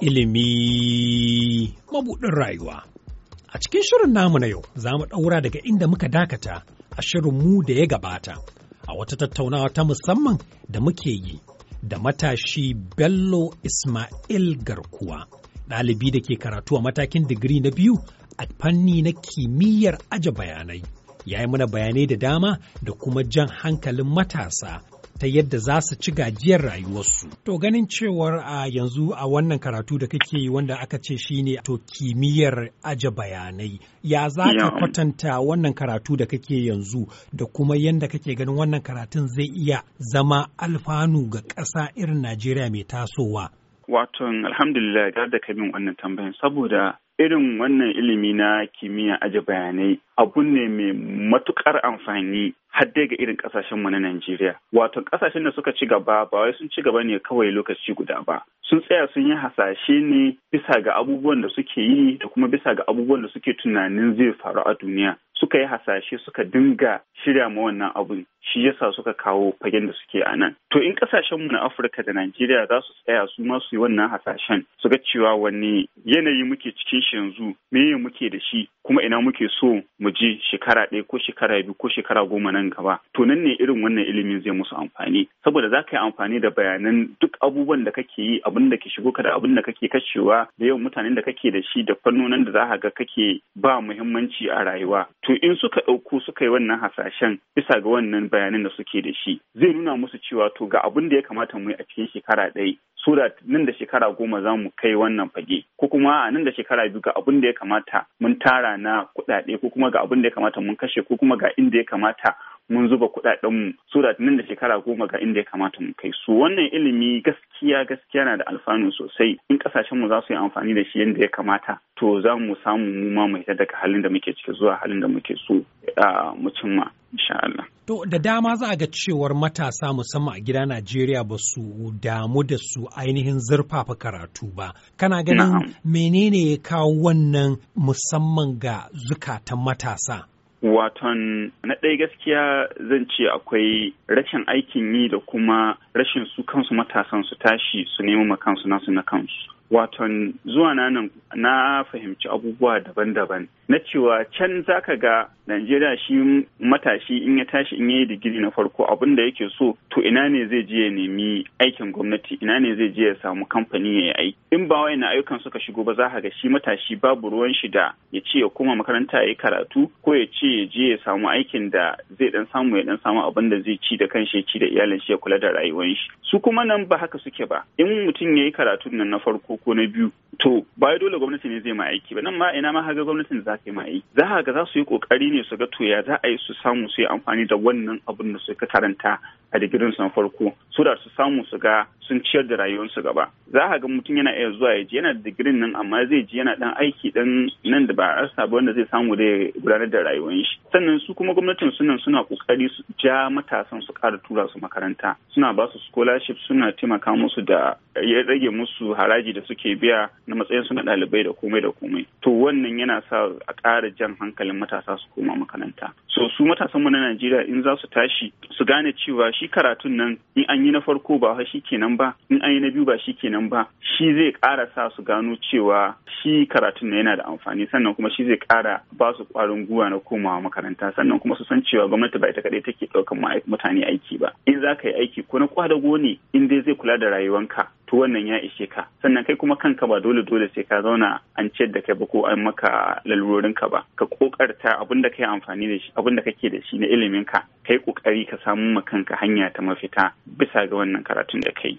ilimi mabuɗin rayuwa. A cikin shirin namu na yau za mu ɗaura daga inda muka dakata a shirin mu da ya gabata a wata tattaunawa ta musamman da muke yi da matashi Bello Ismail Garkuwa, ɗalibi da ke karatu a matakin digiri na biyu a fanni na kimiyyar aje bayanai. Ya yi mana bayanai da dama da kuma jan hankalin matasa ta yadda za su ci gajiyar rayuwarsu. To ganin cewar a yanzu a wannan karatu da kake yi wanda aka ce shi ne to kimiyyar aje bayanai ya za ka kwatanta wannan karatu da kake yanzu da kuma yadda kake ganin wannan karatun zai iya zama alfanu ga ƙasa irin Najeriya mai tasowa. Waton alhamdulillah da ka wannan tambayin saboda irin wannan ilimi na kimiyya aje bayanai abu ne mai matukar amfani har dai ga irin kasashen mu na Najeriya. Wato kasashen da suka ci gaba ba wai sun ci gaba ne kawai lokaci guda ba. Sun tsaya sun yi hasashe ne bisa ga abubuwan da suke yi da kuma bisa ga abubuwan da suke tunanin zai faru a duniya. suka yi hasashe suka dinga shirya ma wannan abun shi yasa suka kawo fagen da suke a nan. To in kasashen mu na Afirka da Najeriya za su tsaya su ma su yi wannan hasashen su ga cewa wani yanayi muke cikin shi yanzu me meye muke da shi kuma ina muke so mu je shekara ɗaya ko shekara biyu ko shekara goma nan gaba. To nan ne irin wannan ilimin zai musu amfani saboda za ka yi amfani da bayanan duk abubuwan da kake yi abin da ke shigo ka da abin da kake kashewa da yawan mutanen da kake da shi da fannonin da za ka ga kake ba muhimmanci a rayuwa. to in suka ɗauko suka yi wannan hasashen bisa ga wannan bayanan da suke da shi zai nuna musu cewa to ga abin da ya kamata mu yi a cikin shekara ɗaya so da nan da shekara goma za mu kai wannan fage ko kuma a nan da shekara biyu ga abin da ya kamata mun tara na kuɗaɗe ko kuma ga abin da ya kamata mun kashe ko kuma ga inda ya kamata mun zuba kuɗaɗenmu so da nan da shekara goma ga inda ya kamata mu kai su wannan ilimi gaskiya gaskiya na da alfanu sosai in kasashen mu za su yi amfani da shi yadda ya kamata to za mu samu mu ma mu daga halin da muke ciki zuwa halin da muke so a mu cimma insha Allah. To da dama za a ga cewar matasa musamman a gida Najeriya ba su damu da su ainihin zurfafa karatu ba. Kana ganin menene ya kawo wannan musamman ga zukatan matasa? Waton na ɗaya gaskiya zan ce akwai rashin aikin yi da kuma rashin su kansu matasan su tashi su nemi kansu nasu na kansu. waton zuwa na nan na fahimci abubuwa daban-daban na cewa can zaka ga Najeriya shi matashi in ya tashi in yi digiri na farko abin da yake so to ina ne zai je ya nemi aikin gwamnati ina ne zai je ya samu kamfani ya yi aiki in ba wayannan ayyukan suka shigo ba za ka ga shi matashi babu ruwan shi da ya ce ya koma makaranta ya yi karatu ko ya ce ya je ya samu aikin da zai dan samu ya dan samu abin da zai ci da kanshi ya ci da iyalin shi ya kula da rayuwar shi su kuma nan ba haka suke ba in mutum ya yi karatun nan na farko farko ko na biyu to ba dole gwamnati ne zai ma aiki ba nan ma ina ma haga gwamnatin za ta yi ma aiki za ka ga za su yi kokari ne su ga to ya za a yi su samu su yi amfani da wannan abun da suka karanta a digirin su farko so da su samu su ga sun ciyar da rayuwarsu gaba za a ga mutum yana iya zuwa ya ji yana da digirin nan amma zai ji yana dan aiki dan nan da ba a rasa ba wanda zai samu da gudanar da rayuwar shi sannan su kuma gwamnatin sunan suna kokari su ja matasan su ƙara tura su makaranta suna ba su scholarship suna taimaka musu da ya rage musu haraji da suke biya na matsayin su na ɗalibai da komai da komai to wannan yana sa a ƙara jan hankalin matasa su koma makaranta so su matasan mu na Najeriya in za su tashi su gane cewa shi karatun nan in an yi na farko ba shi kenan ba in an yi na biyu ba shi kenan ba shi zai ƙara sa su gano cewa shi karatun nan yana da amfani sannan kuma shi zai ƙara ba su ƙwarin gwiwa na komawa makaranta sannan kuma su san cewa gwamnati ba ita kaɗai take ɗaukan mutane aiki ba in za ka yi aiki ko na kwadago ne in dai zai kula da rayuwanka to wannan ya ishe ka sannan kai kuma kanka ba dole dole sai ka zauna an ciyar da kai ba ko an maka lalurorin ka ba ka kokarta abin da kai amfani da shi abin da kake da shi na ilimin ka kai kokari ka samu ma kanka hanya ta mafita bisa ga wannan karatun da kai